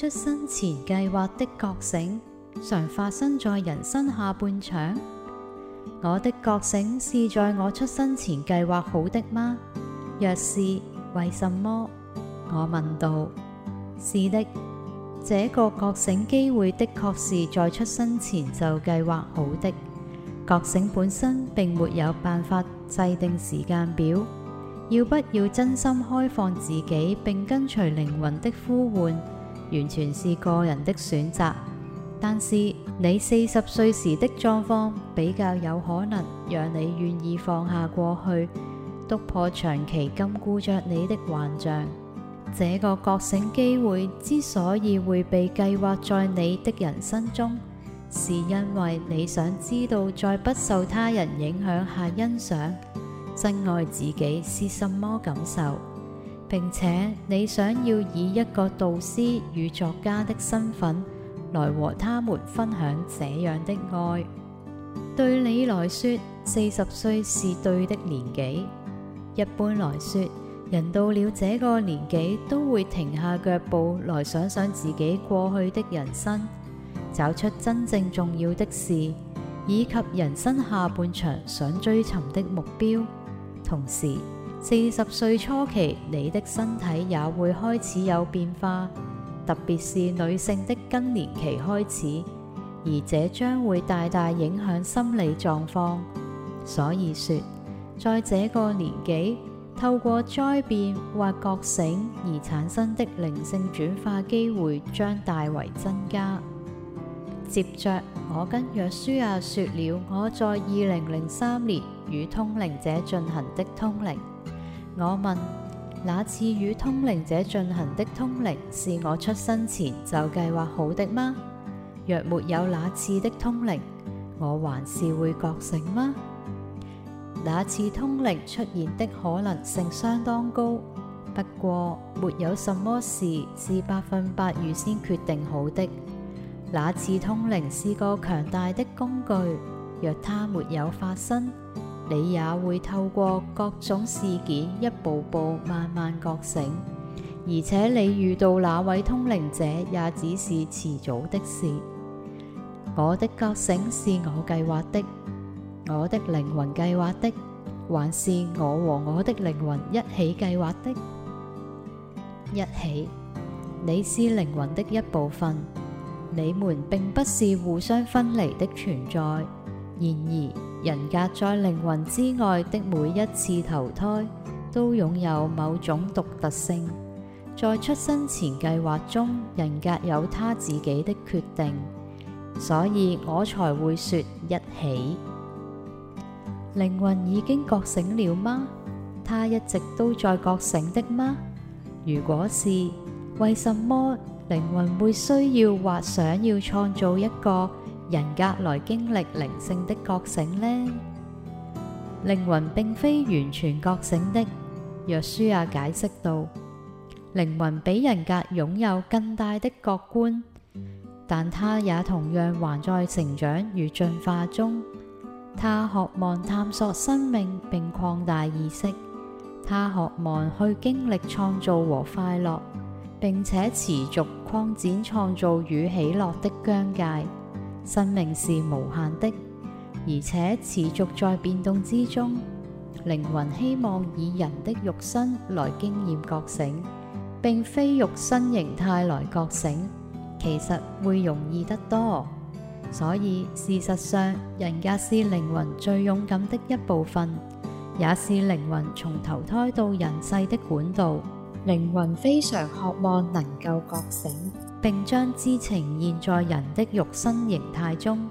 出生前計劃的覺醒，常發生在人生下半場。我的覺醒是在我出生前計劃好的嗎？若是，為什麼？我問道。是的，這個覺醒機會的確是在出生前就計劃好的。覺醒本身並沒有辦法制定時間表。要不要真心開放自己，並跟隨靈魂的呼喚？完全是個人的選擇，但是你四十歲時的狀況比較有可能讓你願意放下過去，突破長期禁錮着你的幻象。這個覺醒機會之所以會被計劃在你的人生中，是因為你想知道在不受他人影響下欣賞、珍愛自己是什麼感受。並且你想要以一個導師與作家的身份，來和他們分享這樣的愛。對你來說，四十歲是對的年紀。一般來說，人到了這個年紀，都會停下腳步來想想自己過去的人生，找出真正重要的事，以及人生下半場想追尋嘅目標。同時，四十歲初期，你的身體也會開始有變化，特別是女性的更年期開始，而這將會大大影響心理狀況。所以說，在這個年紀，透過災變或覺醒而產生的靈性轉化機會將大為增加。接着，我着，我跟約書亞說了我在二零零三年與通靈者進行的通靈。我問：那次與通靈者進行的通靈是我出生前就計劃好的嗎？若沒有那次的通靈，我還是會覺醒嗎？那次通靈出現的可能性相當高，不過沒有什麼事是百分百預先決定好的。那次通靈是個強大的工具，若它沒有發生，你也會透過各種事件一步步慢慢覺醒，而且你遇到那位通靈者也只是遲早的事。我的覺醒是我計劃的，我的靈魂計劃的，還是我和我的靈魂一起計劃的？一起，你是靈魂的一部分，你們並不是互相分離的存在。然而，人格在靈魂之外的每一次投胎，都擁有某種獨特性。在出生前計劃中，人格有他自己的決定，所以我才會說一起。靈魂已經覺醒了嗎？他一直都在覺醒的嗎？如果是，為什麼靈魂會需要或想要創造一個？人格來經歷靈性的覺醒呢？靈魂並非完全覺醒的，約書亞解釋道：靈魂比人格擁有更大的覺觀，但牠也同樣還在成長與進化中。牠渴望探索生命並擴大意識，牠渴望去經歷創造和快樂，並且持續擴展創造與喜樂的疆界。生命是無限的，而且持續在變動之中。靈魂希望以人的肉身來經驗覺醒，並非肉身形態來覺醒，其實會容易得多。所以事實上，人格是靈魂最勇敢的一部分，也是靈魂從投胎到人世的管道。靈魂非常渴望能夠覺醒。並將之呈現在人的肉身形態中，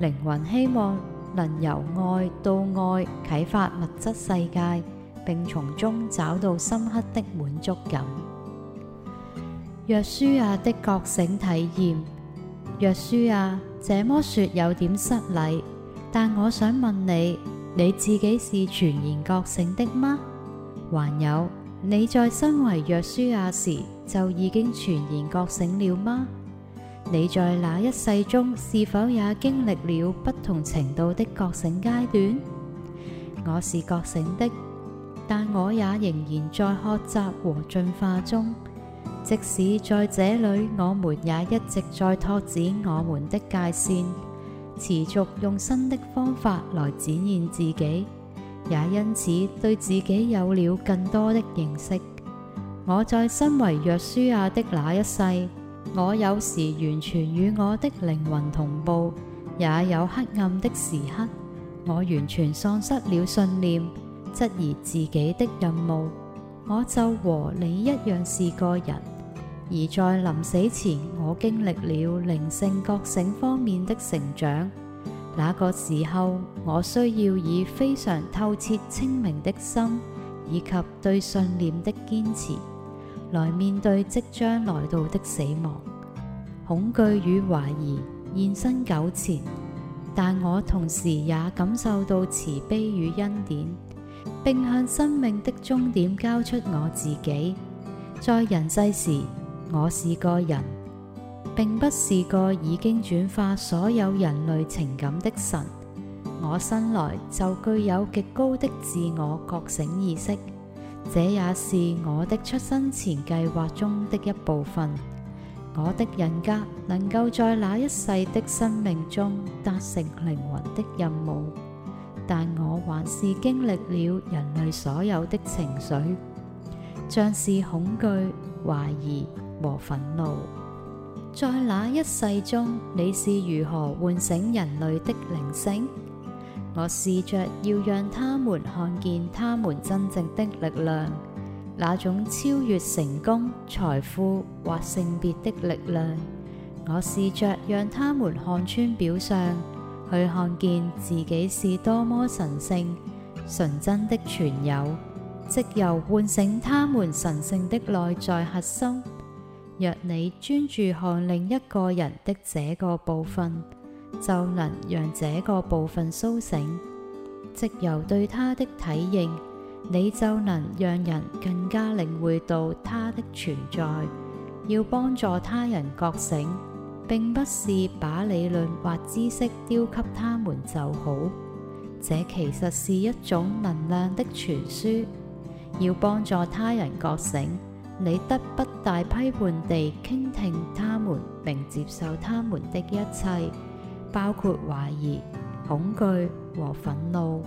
靈魂希望能由愛到愛啟發物質世界，並從中找到深刻的滿足感。約書亞的覺醒體驗，約書亞這麼說有點失禮，但我想問你，你自己是全然覺醒的嗎？還有，你在身為約書亞時，就已經全然覺醒了嗎？你在那一世中是否也經歷了不同程度的覺醒階段？我是覺醒的，但我也仍然在學習和進化中。即使在這裏，我們也一直在拓展我們的界線，持續用新的方法來展現自己，也因此對自己有了更多的認識。我在身為約書亞的那一世，我有時完全與我的靈魂同步，也有黑暗的時刻。我完全喪失了信念，質疑自己的任務。我就和你一樣，是個人，而在臨死前，我經歷了靈性覺醒方面的成長。那個時候，我需要以非常透徹清明的心。以及對信念的堅持，來面對即將來到的死亡。恐懼與懷疑現身糾纏，但我同時也感受到慈悲與恩典，並向生命的終點交出我自己。在人世時，我是個人，並不是個已經轉化所有人類情感的神。我生來就具有極高的自我覺醒意識，這也是我的出生前計劃中的一部分。我的人格能夠在那一世的生命中達成靈魂的任務，但我還是經歷了人類所有的情緒，像是恐懼、懷疑和憤怒。在那一世中，你是如何喚醒人類的靈性？我試着要讓他們看見他們真正的力量，那種超越成功、財富或性別的力量。我試着讓他們看穿表象，去看見自己是多麼神聖、純真的存有，即由喚醒他們神聖的內在核心。若你專注看另一個人的這個部分，就能讓這個部分甦醒，藉由對他的體認，你就能讓人更加領會到他的存在。要幫助他人覺醒，並不是把理論或知識丟給他們就好，這其實是一種能量的傳輸。要幫助他人覺醒，你得不帶批判地傾聽他們，並接受他們的一切。包括懷疑、恐懼和憤怒，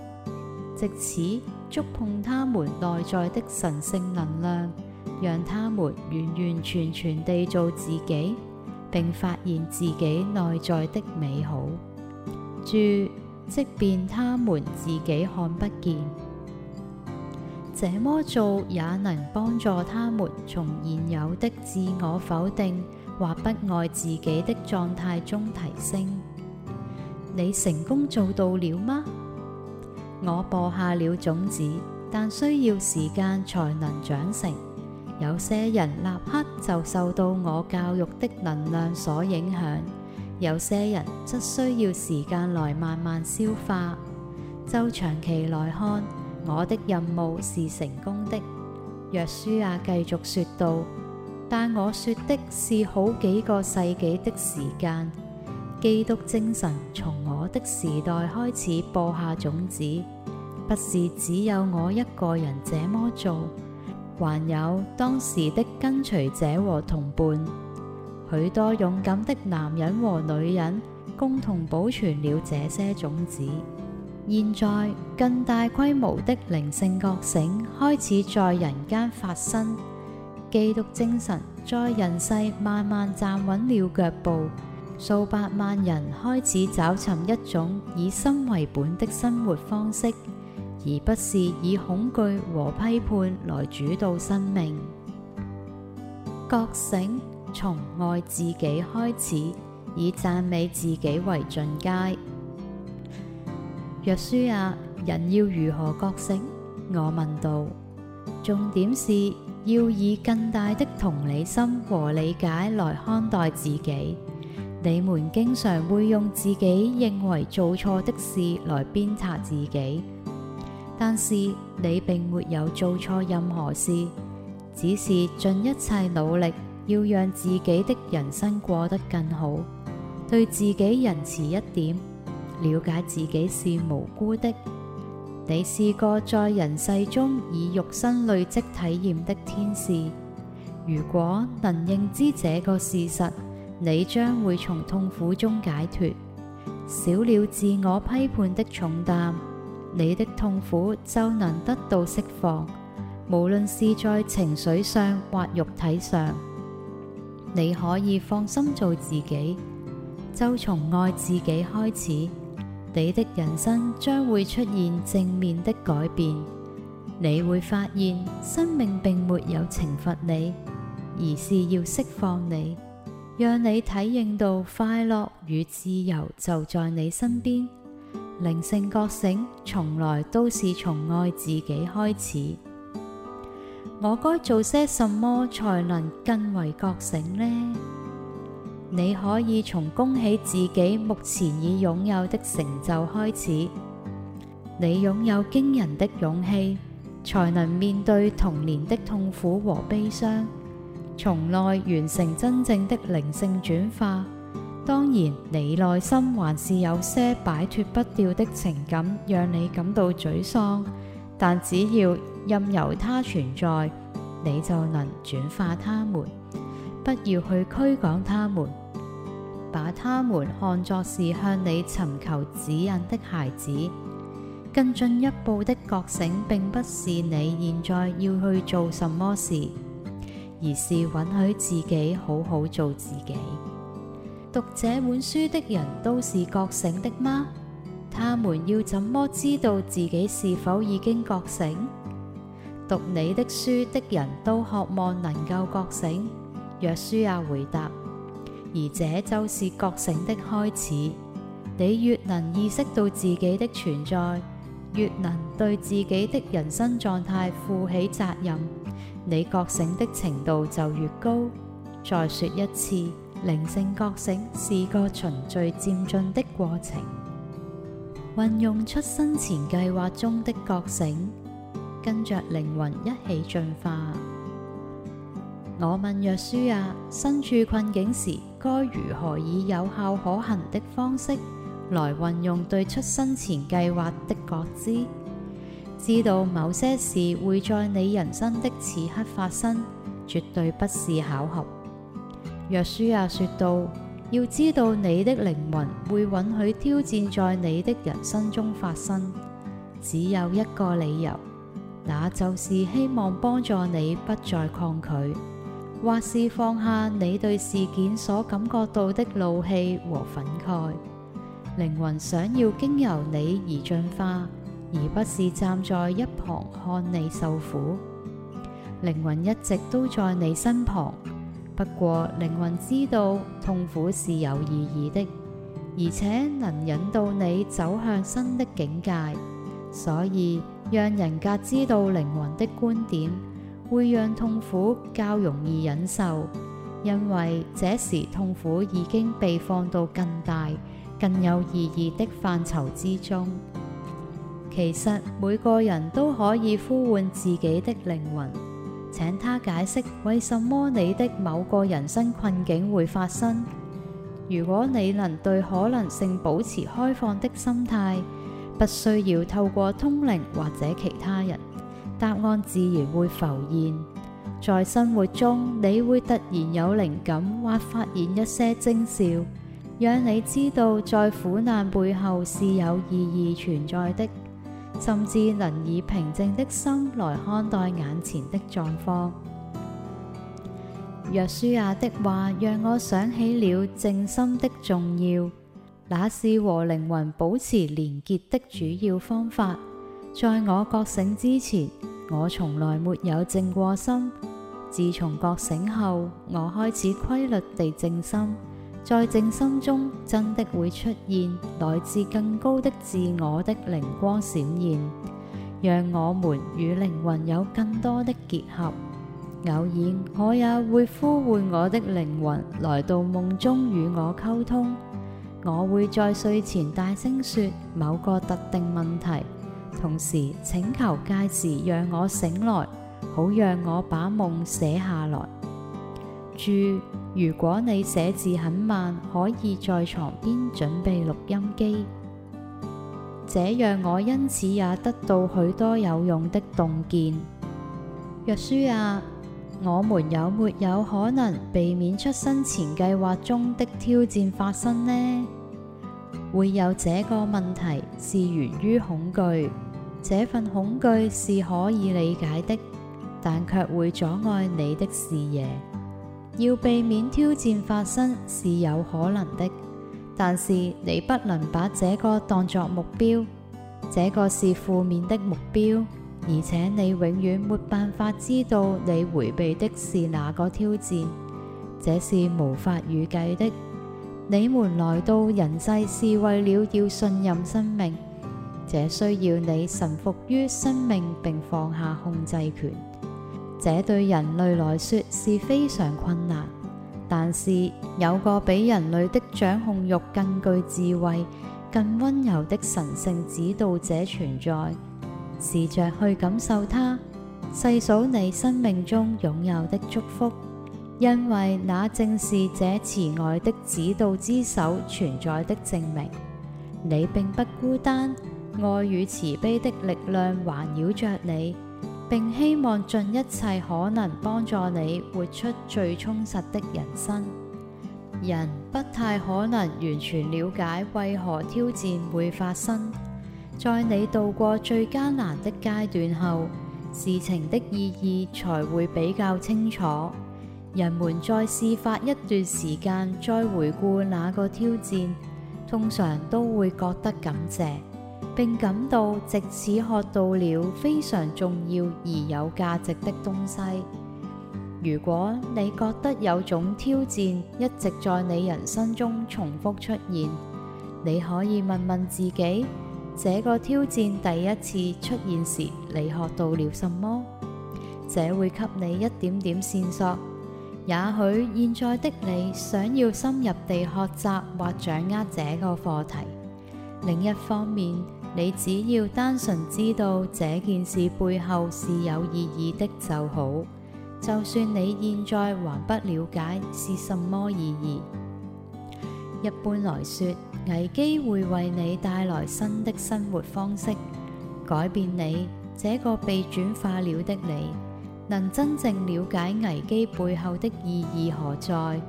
藉此觸碰他們內在的神聖能量，讓他們完完全全地做自己，並發現自己內在的美好。注：即便他們自己看不見，這麼做也能幫助他們從現有的自我否定或不愛自己的狀態中提升。你成功做到了嗎？我播下了種子，但需要時間才能長成。有些人立刻就受到我教育的能量所影響，有些人則需要時間來慢慢消化。就長期來看，我的任務是成功的。約書亞、啊、繼續說道，但我說的是好幾個世紀的時間。基督精神從我的時代開始播下種子，不是只有我一個人這麼做，還有當時的跟隨者和同伴，許多勇敢的男人和女人共同保存了這些種子。現在更大規模的靈性覺醒開始在人間發生，基督精神在人世慢慢站穩了腳步。數百萬人開始找尋一種以心為本的生活方式，而不是以恐懼和批判來主導生命。覺醒，從愛自己開始，以讚美自己為進階。約書亞，人要如何覺醒？我問道。重點是要以更大的同理心和理解來看待自己。你們經常會用自己認為做錯的事來鞭策自己，但是你並沒有做錯任何事，只是盡一切努力要讓自己的人生過得更好，對自己仁慈一點，了解自己是無辜的。你是個在人世中以肉身累積體驗的天使，如果能認知這個事實。你將會從痛苦中解脫，少了自我批判的重擔，你的痛苦就能得到釋放。無論是在情緒上或肉體上，你可以放心做自己，就從愛自己開始，你的人生將會出現正面的改變。你會發現，生命並沒有懲罰你，而是要釋放你。讓你體驗到快樂與自由就在你身邊。靈性覺醒從來都是從愛自己開始。我該做些什麼才能更為覺醒呢？你可以從恭喜自己目前已擁有的成就開始。你擁有驚人的勇氣，才能面對童年的痛苦和悲傷。從內完成真正的靈性轉化。當然，你內心還是有些擺脫不掉的情感，讓你感到沮喪。但只要任由它存在，你就能轉化它們。不要去驅趕他們，把他們看作是向你尋求指引的孩子。更進一步的覺醒，並不是你現在要去做什麼事。而是允許自己好好做自己。讀這本書的人都是覺醒的嗎？他們要怎麼知道自己是否已經覺醒？讀你的書的人都渴望能夠覺醒。約書亞回答，而這就是覺醒的開始。你越能意識到自己的存在，越能對自己的人生狀態負起責任。你覺醒的程度就越高。再說一次，靈性覺醒是個循序漸進的過程。運用出生前計劃中的覺醒，跟着靈魂一起進化。我問約書亞，啊，身處困境時，該如何以有效可行的方式，來運用對出生前計劃的覺知？知道某些事會在你人生的此刻發生，絕對不是巧合。約書亞說道，要知道你的靈魂會允許挑戰在你的人生中發生，只有一個理由，那就是希望幫助你不再抗拒，或是放下你對事件所感覺到的怒氣和憤慨。靈魂想要經由你而進化。而不是站在一旁看你受苦，靈魂一直都在你身旁。不過，靈魂知道痛苦是有意義的，而且能引導你走向新的境界。所以，讓人格知道靈魂的觀點，會讓痛苦較容易忍受，因為這時痛苦已經被放到更大、更有意義的範疇之中。其實每個人都可以呼喚自己的靈魂，請他解釋為什麼你的某個人生困境會發生。如果你能對可能性保持開放的心態，不需要透過通靈或者其他人，答案自然會浮現。在生活中，你會突然有靈感或發現一些徵兆，讓你知道在苦難背後是有意義存在的。甚至能以平靜的心來看待眼前的狀況。約書亞的話，讓我想起了靜心的重要，那是和靈魂保持連結的主要方法。在我覺醒之前，我從來沒有靜過心。自從覺醒後，我開始規律地靜心。在靜心中真的會出現來自更高的自我的靈光閃現，讓我們與靈魂有更多的結合。偶爾我也會呼喚我的靈魂來到夢中與我溝通。我會在睡前大聲說某個特定問題，同時請求屆時讓我醒來，好讓我把夢寫下來。注。如果你寫字很慢，可以在床邊準備錄音機。這讓我因此也得到許多有用的洞見。約書亞，我們有沒有可能避免出生前計劃中的挑戰發生呢？會有這個問題是源於恐懼，這份恐懼是可以理解的，但卻會阻礙你的視野。要避免挑戰發生是有可能的，但是你不能把這個當作目標。這個是負面的目標，而且你永遠沒辦法知道你回避的是哪個挑戰，這是無法預計的。你們來到人世是為了要信任生命，這需要你臣服於生命並放下控制權。這對人類來說是非常困難，但是有個比人類的掌控慾更具智慧、更温柔的神聖指導者存在。試着去感受他，細數你生命中擁有的祝福，因為那正是這慈愛的指導之手存在的證明。你並不孤單，愛與慈悲的力量環繞着你。並希望盡一切可能幫助你活出最充實的人生。人不太可能完全了解為何挑戰會發生。在你度過最艱難的階段後，事情的意義才會比較清楚。人們在事發一段時間，再回顧那個挑戰，通常都會覺得感謝。並感到藉此學到了非常重要而有價值的東西。如果你覺得有種挑戰一直在你人生中重複出現，你可以問問自己：這個挑戰第一次出現時你學到了什麼？這會給你一點點線索。也許現在的你想要深入地學習或掌握這個課題。另一方面，你只要單純知道這件事背後是有意義的就好，就算你現在還不了解是什麼意義。一般來說，危機會為你帶來新的生活方式，改變你。這個被轉化了的你，能真正了解危機背後的意義何在。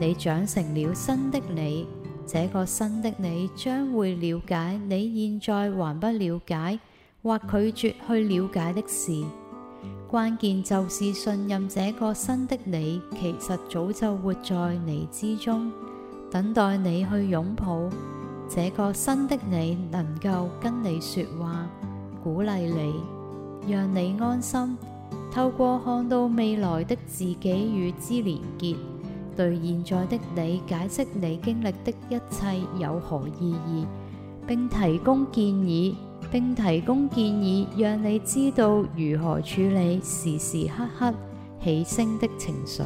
你長成了新的你。這個新的你將會了解你現在還不了解或拒絕去了解的事，關鍵就是信任這個新的你，其實早就活在你之中，等待你去擁抱。這個新的你能夠跟你說話，鼓勵你，讓你安心。透過看到未來的自己與之連結。對現在的你解釋你經歷的一切有何意義，並提供建議，並提供建議讓你知道如何處理時時刻刻起升的情緒。